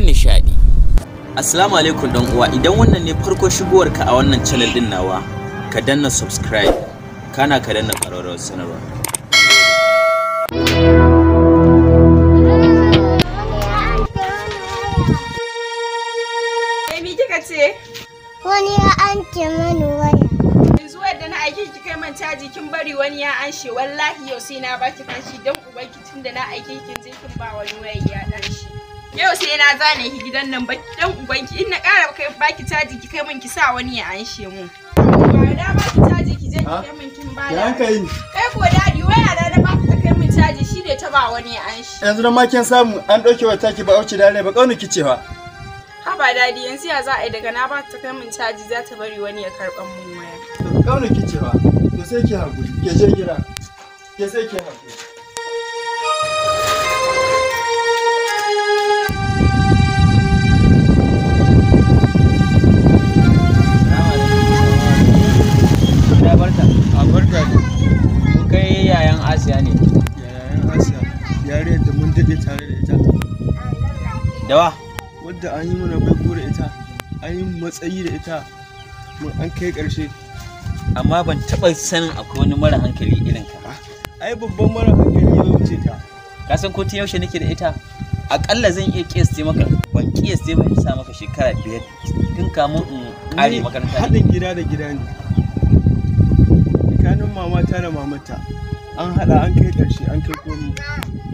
don nishaɗi. Assalamu alaikum dan uwa idan wannan ne farko shigowar ka a wannan channel din nawa ka danna subscribe kana ka danna ƙararrawar sanarwa. kika ce? Wani ya an waya. Yanzu wadda na aike ki kai man caji kin bari wani ya an wallahi yau sai na baki kashi dan ubanki tunda na aike kin je kin ba wani waya ya dan Yau sai na zane ki gidan nan baki dan ubanki in na ƙara kai baki caji ki kai min ki sa wani ya anshe mu. Ba da ki caji ki je ki kai min kin bada. Ya Kai eh ko dadi waya da na baki ka kai min caji shi ne ta ba wani ya anshe. Yanzu da ma kin samu an ɗauke wa taki ba auci dare ba kauna ki cewa. ba dadi yanzu ya za a yi daga na ba ta kai min caji za ta bari wani ya karɓan mun waya. kauna ki cewa. Ke sai ki hakuri ke je gida. Ke sai ki hakuri tafiya tare da ita dawa wadda an yi mana baiko da ita an yi matsayi da ita mun an kai karshe. amma ban taɓa sanin akwai wani mara hankali irin ka ba ai babban mara hankali ya wuce ka ka san ko tun yaushe nake da ita akalla zan iya kiyasce maka ban kiyasce ba sa maka shekara biyar tun kamun in ƙare makaranta haɗin gida da gida ne tsakanin mamata da mamata an haɗa an kai ƙarshe an kai komi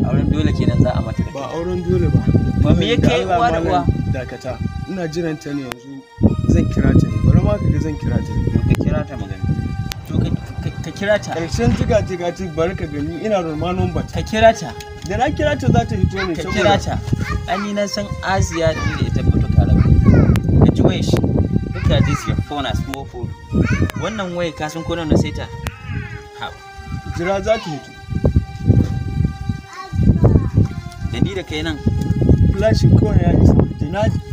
auren dole kenan za a mata ba auren dole ba ba me yake yi uwa da uwa dakata ina jiran ta ne yanzu zan kira ta ne bari ma kaga zan kira ta ne ka kira ta magana to ka kira ta ƙarshen tiga tiga ti bari ka gani ina roma number ka kira ta da na kira ta za ta fito ne ka kira ta ani na san Asiya ne da ita fito kala ka ji waye shi look at this fona phone as wannan waye ka san ko na saita ha jira za ki mutu da ni da kai nan flashin kawai ya isa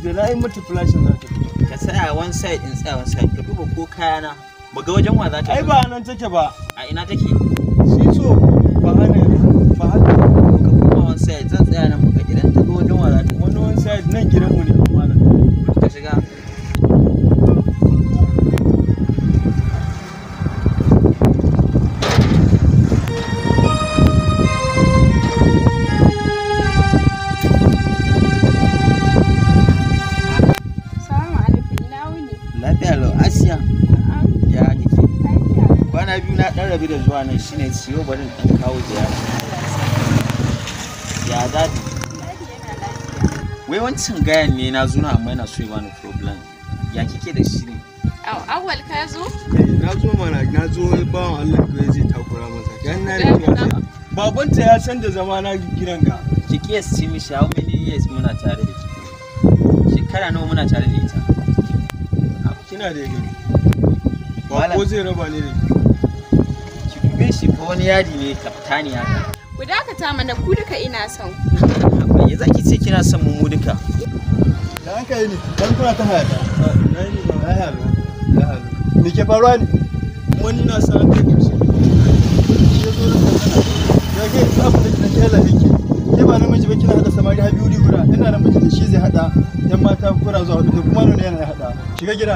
da na yi mata flashin za ta fito ka tsaya one side in tsaya one side ka duba ko kayana ba ga wajen wa za ta ai ba nan take ba a ina take kwana biyu na ɗan rabi da zuwa nan shine ciwo bari in kawo ziyara ya za wai wancan gayan ne na zuna amma yana so ya bani problem ya kike da shi ne awal ka zo eh, na zo mana na zo bawan Allah ko zai takura masa dan na babanta ya san da zama na gidan ga ki mi mishi how many years muna tare da ki shekara nawa muna tare da ita kina da gani ba ko zai raba ne da shi ko wani yadi ne kaftani haka ku dakata mana ku duka ina son ku ya zaki ce kina son mu duka da an kai ni dan kuna ta haya na yi ba me ke faruwa ne wani na sa ka kimshi shi ya zo da kana ya ke abu da kike la yake ke ba namiji ba kina hada samari ha biyu guda ina namiji da shi zai hada yan mata kura zuwa hudu kuma nuna yana hada shiga gida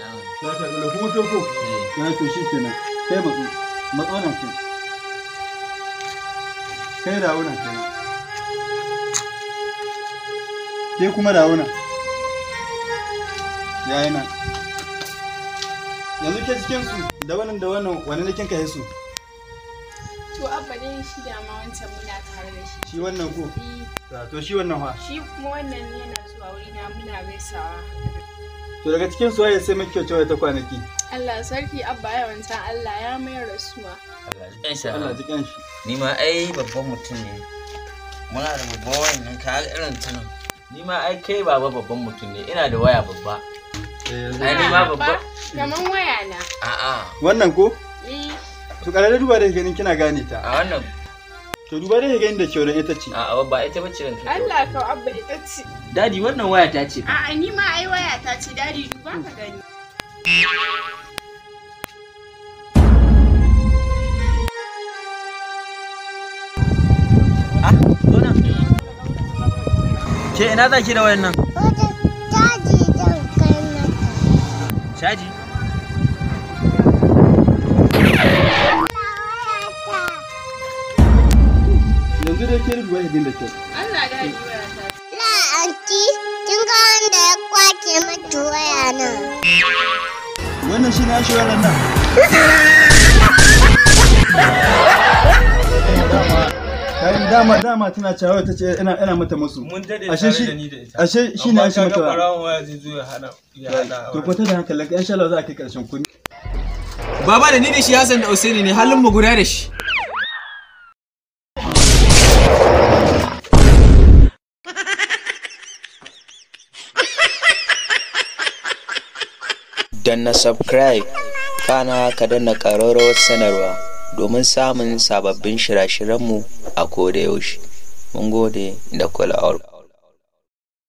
za ta gula kuma to ko ya to shi kenan kai matsu matsu nan ke kai da wannan kenan ke kuma da Ya yi nan yanzu ke cikin su da wannan da wannan wani ne kinka su to abba dai shi da ma wancan muna tare da shi shi wannan ko to shi wannan fa shi kuma wannan ne yana zuwa wuri na muna gaisawa to daga cikin soyayya sai muke kyauta ta kwanaki Allah sarki abba ya wanta Allah ya mai rasuwa Allah ji shi shi ni ma ai babban mutum ne muna da babban wannan ka irin ta nan ni ma ai kai baba babban mutum ne ina da waya babba eh, ai ni ma babba kaman waya na a'a wannan ko eh to kare duba da ganin kina gane ta a wannan To duba dai ga inda kyau ita ce. A'a babba ita bace ran. Allah ka abba ita ce. Dadi wannan waya ta ce. A'a ni ma ai waya ta ce dadi duba ka gani. Ah, Ke ina zaki da wayannan? nan? Caji zan kai mata. Caji? dai ke rubuwa da kyau. Allah ya yi Na kin ga wanda ya kwace mata waya nan. Wannan shi na shi waya nan. dama dama tana cewa ta ce ina ina mata musu mun dade tare da ni da ita ashe shi ne shi mata waya zai zo ya hana da hankalinka insha Allah za a kai karshen kun baba da ni da shi Hassan da Usaini ne halin mu guda da shi na subscribe kana ka danna ƙararrawar sanarwa domin samun sababbin shirye-shiryenmu a kodayaushe mun gode da kula'ar